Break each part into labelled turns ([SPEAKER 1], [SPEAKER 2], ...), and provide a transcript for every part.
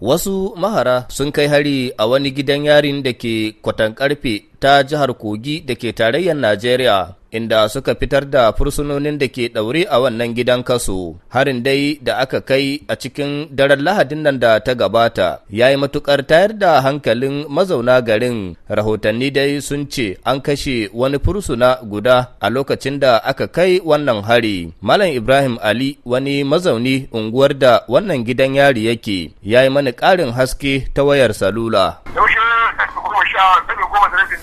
[SPEAKER 1] Wasu mahara sun kai hari a wani gidan yarin da ke kwatan karfe ta jihar Kogi da ke tarayyar Najeriya, inda suka fitar da fursunonin da ke ɗaure a wannan gidan kaso. Harin dai da aka kai a cikin daren Lahadin nan da ta gabata, ya yi matuƙar tayar da hankalin mazauna garin. Rahotanni dai sun ce an kashe wani fursuna guda a lokacin da aka kai wannan hari. Malam Ibrahim Ali wani mazauni unguwar da wannan gidan yari yake, ya yi mani ƙarin haske ta wayar salula.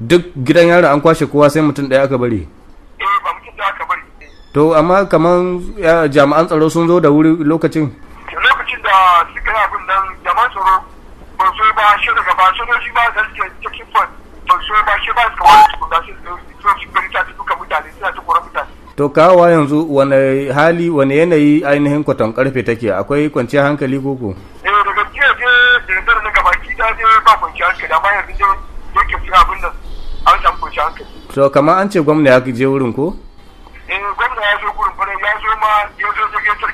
[SPEAKER 1] duk gidan yaro an kwashe kowa sai mutum ɗaya aka bari eh ba bari to amma kaman jami'an tsaro sun zo da wuri lokacin lokacin da suka yi abin
[SPEAKER 2] nan jami'an tsaro ba su ba shi daga ba su shi ba su ke cikin fon ba su ba shi ba suka wani su da shi su gari ta duka mutane
[SPEAKER 1] suna ta kora mutane to kawowa yanzu wani hali wani yanayi ainihin kwaton karfe take akwai kwanciyar hankali koko eh daga
[SPEAKER 2] jiya je da na gabaki da je ba kwanciyar hankali amma yanzu
[SPEAKER 1] to kamar an ce gwamna ya je wurin ko?
[SPEAKER 2] eh gwamna ya zo gurin fara ya zo ma ya zo zage ta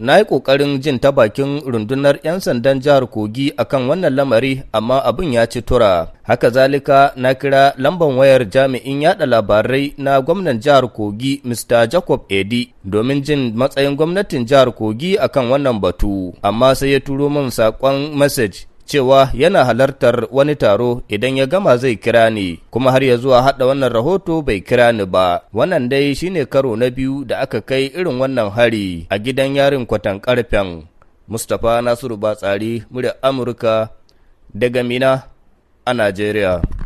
[SPEAKER 1] na yi ƙoƙarin jin ta bakin rundunar 'yan sandan jihar kogi akan wannan lamari amma abin ya ci tura haka zalika na kira lamban wayar jami'in yada labarai na gwamnan jihar kogi mr jacob edi domin jin matsayin gwamnatin jihar kogi akan wannan batu amma sai ya turo min saƙon message cewa yana halartar wani taro idan ya gama zai kira ni kuma har ya zuwa haɗa wannan rahoto bai kira ni ba wannan dai shine karo na biyu da aka kai irin wannan hari a gidan yarin kwatan karfen mustapha nasiru batsari murya amurka daga mina a najeriya